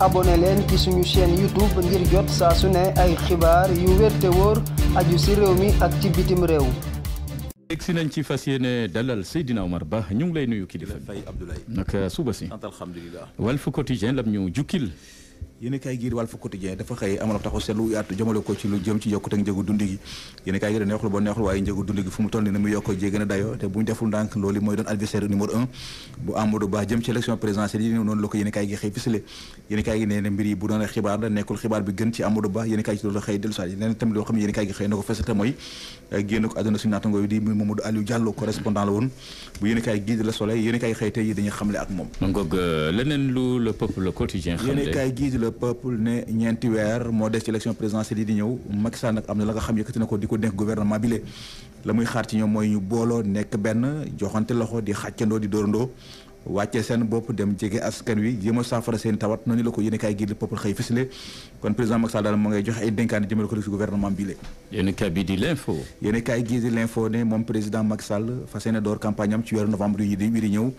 abonné leen ci suñu chaîne YouTube ngir jot saa su ne ay xibaar yu wér te aju si réew mi ak ci bitim réew. egsi nañ ci fas yéene dalal Seydina Omar Ba ñu ngi lay nuyu kilifa bi. Abdoulaye naka suba si. sant alhamdulilah. Walf Quotidien lam ñu jukkil. yéen kaay gi Walf Quotidien dafa xëy amal ab taxaw seetlu yaatu jëmale ko ci lu jëm ci yokkute njëgu njëgu dund gi fu gi xëy fisale yéen kaay gi leneen tamit eh, la woon bu yéen kaay gi la le peuple ne ñeenti weer moo des ci élection présidentielle yi di ñëw Macky Sall nag am na la nga xam yëkkati na ko di ko dénk gouvernement bi le la muy xaar ci ñoom mooy ñu booloo nekk benn joxante loxo di xàccandoo di dóorandoo wàccee seen bopp dem jege askan wi jéem a saafara seen tawat noonu la ko yéen kaay gi le peuple xëy fisile kon président Macky Sall daal moo ngay joxe ay dénkaane jëmale ko ci gouvernement bi le yéen kaay di l'info ne moom président Macky Sall fas yéene door campagne am ci weeru novembre yi di ñëw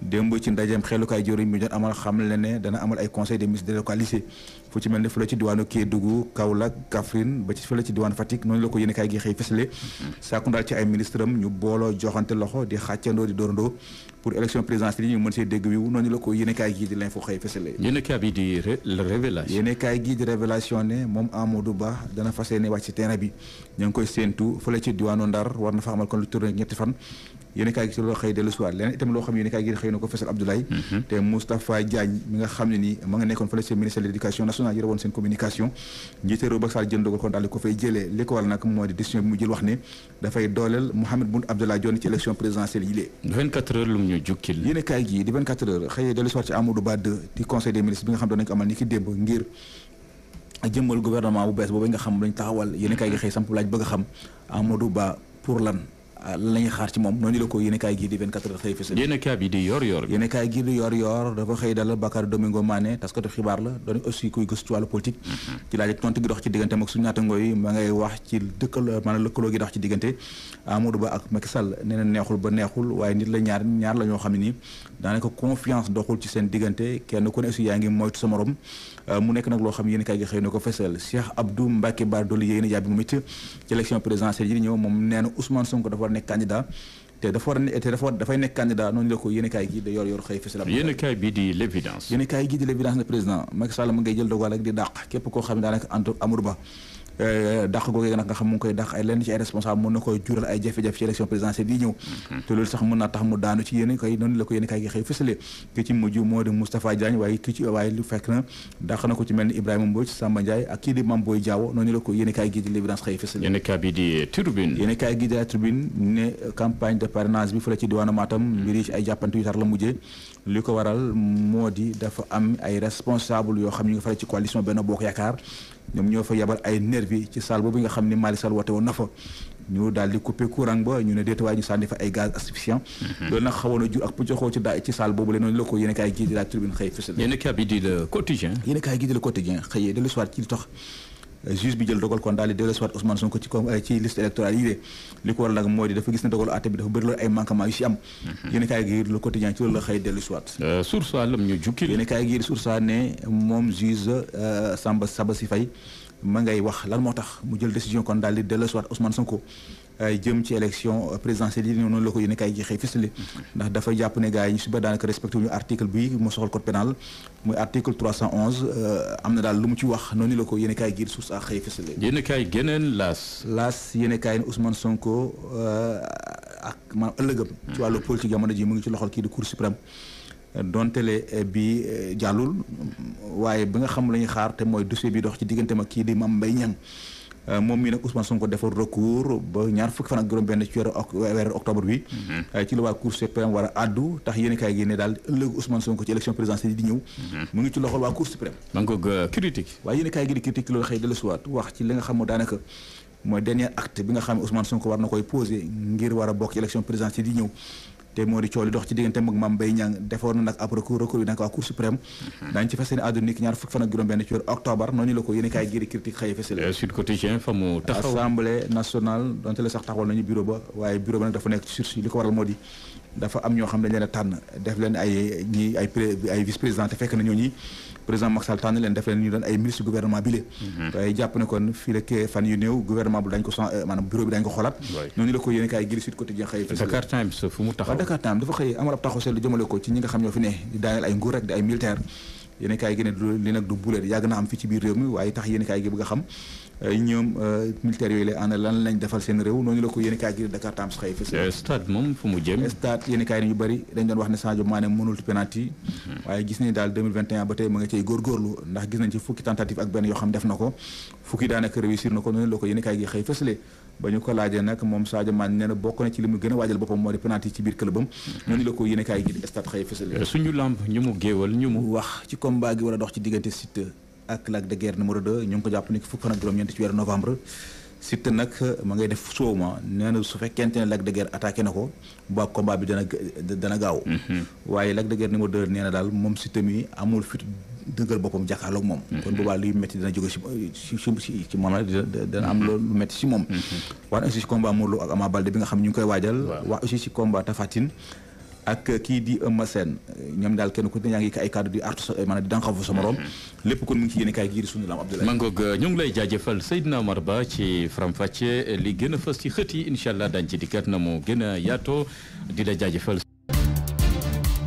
démb ci ndajeem xelukaay jëriñ mi doon amal xam le dana amal ay conseil des ministres délocalisés fu ci mel ne fu la ci diwaanu Kédougou Kaolack Kaffrine ba ci fu la ci diwaan Fatick noonu la ko yéene gi di révélation ne moom Amadou Ba dana fas yéene wàcc ci terrain bi ñu ngi koy séentu fu la ci diwaanu Ndar war na fa amal kon lu ñetti fan yéene gi ci loolu xëy itam loo xam yéene kaay gi xëy na ko fesal Abdoulaye mhm. te Moustapha Diagne mi nga xam ne nii ma nga nekkoon fële ci ministère de l'éducation nationale yore woon seen communication njiite réew Macky Sall dogal kon daal ko fay jëlee li nag mooy di décision bi mu jël wax ne dafay dooleel Mahammed Boun Abdallah Dionne ci élection présidentielle yi lee lu mu ñu jukkil yéen kaay gi di 24 ci Amadou Ba 2 conseil des ministres bi nga xam doon nañ amal ni ki démb ngir jëmmal lan xaar ci moom noonu la ko yéen kaay di 24 heures xëy fësal yéen kaay bi di yor yor yéen mm-hmm. ci laaj ak seen diggante a euh, ñëw moom nee na Ousmane Sonko dafa war a nekk candidat te dafa war a te dafa dafay nekk candidat noonu la ko yéen kaay gi da yor yor xëy fësal yéen kaay bi di l' évidence yéen di l' évidence président Macky Sall mu jël dogal ak di dàq képp koo xam ne daanaka entre Amadou Ba Euh, dàq googee nag na xam mu koy dax ay lenn ci ay responsable mën na koy jural ay jafe-jafe ci élection présidentielle yi ñëw mhm. te loolu sax mën naa tax mu daanu ci yéen kay noonu la ko yéen kay gi xëy fësale ki ci mujj moo ci waaye lu fekk na dàq na ko ni Ibrahima Mbodj Samba Ndiaye ak kii di Mame Boye Diawo noonu la ko yéen kay gi di la tribune ne campagne de parrainage bi fële ci diwaanu mhm. li ko waral moo di dafa am ay responsable yoo xam ñu nga fële ci coalition Benno Bokk Yaakaar ñoom ñoo fa yabal ay nervi ci salle boobu nga xam ne Malick Sall woote woon na ñu daal couper courant ba ñu ne déet waaye ñu sànni fa ay gaz asphyxiant mhm. loolu nag xawoon a jur ak pëccoxoo ci ci salle boobu la noonu la ko yéen a kaay gii di la tribune xëy fësal yéen a di le quotidien xëyee dellu si ci li tax juge bi jël dogal kon daal di dellusiwaat Ousmane Sonko ko ci liste électorale yi de li ko waral nag mooy di dafa gis ne dogalu àtte bi dafa bëri loolu ay manquement yu si am mhm. yéen kaay gi le quotidien ci loolu la xëy dellusiwaat euh, source lam ñu jukkil yéen kaay gi source ne moom juge euh, Samba Saba si Faye ma ngay wax lan moo tax mu jël décision kon daal di dellusiwaat Ousmane ko jëm ci élection présidentielle yi noonu la ko yéen kay gi xëy fësale ndax dafa jàpp ne gars yi ñu suba daanaka respecté wuñu article bi mu soxal code pénal muy article euh, am na daal lu mu ci wax noonu la ko yéen kay gi suuf saa xëy fësale yéen kay geneen laas laas yéen kay ne Ousmane Sonko euh, ak maanaam ëllëgam ci wàllu politique jamono ji mu ngi ci loxol kii di cour suprême dontele euh, bi jàllul waaye ba nga xam la ñuy xaar te mooy dossier bi dox ci diggante ma kii di Mame Mbaye Niang Euh, moom mii nag Ousmane Sonko defoon recours ba ñaar fukki fan ak juróom-benn ci weeru weeru octobre bi. Mm-hmm. Euh, ci la waa Cour suprême war a àddu tax yéen kaay gi ne daal ëllëg Ousmane Sonko ci élection présidentielle di ñëw. Mm-hmm. mu ngi ci loxol waa Cour suprême. maa ngi ko euh, critique. waaye yéen kaay gi di critique loolu xëy dellusiwaat wax ci li nga xam moo daanaka. mooy dernier acte bi nga xam ne Ousmane Sonko war na koy posé ngir war bokk ci élection présidentielle di te moo di coow li dox ci diggante mag Mame Mbaye Niang defoon na nag ab recours recours bi nag suprême mhm. daañu ci fas yéene àdduna ñaar fukk fan juróom-benn ci weeru octobre noonu la ko yéen kaay giri critique xëy fësal Sud Quotidien fa mu taxaw assemblée nationale donte la sax taxawal nañu bureau ba waaye bureau ba nag dafa nekk ci sursis li ko waral moo di dafa am ñoo xam leen a tànn def leen ay ñi ay vice président te fekk na ñoo président Macky tànn leen def leen ñu doon ay ministre gouvernement bi la mhm. waaye jàpp ne kon fii la kee fan yu néew gouvernement bu dañ ko sans maanaam bureau bi dañ ko xoolaat noonu la ko yéen kaay giri sud quotidien xëy Dakar Times fu mu taxaw Dakar Times dafa xëy amal ab taxaw seetlu jëmale ko ci ñi nga xam ñoo fi ne daaneel ay nguur rek di ay militaire yéen kaay gi ne li nag du buleet yàgg na am fi ci biir réew mi waaye tax yéen kaay gi bëgg a xam euh, ñoom euh, militaires yooyu lan lañ defal seen réew noonu la ko yéen kaay gi Dakar Times xëy fa euh, stade moom fu mu jëm stade yéen kaay ñu bëri dañ doon wax ne Sadio Mané mënul penalty hmm. waaye gis nañ daal 2021 ba tey ma nga cay góorgóorlu ndax gis nañ ci fukki tentative ak benn yoo xam def na ko fukki daanaka réussir na ko noonu la ko yéen kaay ba ñu ko laajee nag moom Sadio Mané nee na bokk na ci li mu gën a waajal boppam moo di penalty ci biir këlëbam noonu la ko yéene kaay euh, suñu lamb ñu mu géewal ñu mu wax ci combat gi war a dox ci diggante Siteu ak Lac de Guiers numéro 2 ñu ngi ko jàpp ni ki fukk fan ak juróom-ñeent ci weeru novembre Siteu nag ma ngay def soowma nee na su fekkente ne Lac de Guiers attaqué na ko ba combat bi dana dana gaaw mm-hmm. waaye Lac de Guiers numéro 2 nee na daal moom Siteu mi amul fit dëggal boppam jàkkaarloog moom mm-hmm. kon boobaa luy métti dina jóge si si ci moom dana am mm-hmm. loolu lu métti si moom mm-hmm. wax aussi si combat Modou Lo ak Ama bi nga xam ñu ngi koy waajal wax aussi si combat Tapha ak kii di Eumeu Sène ñoom daal kenn ku ne yaa ngi ay kàddu di artu sa maanaam di lépp kon mu ngi ci yéen kaay gii di sunu laam Abdoulaye Mangog ngi lay jaajëfal Seydina Omar Ba ci faram-fàcce li gën a fës ci xët yi incha allah daañu ci dikkat na mu gën a yaatoo di la jaajëfal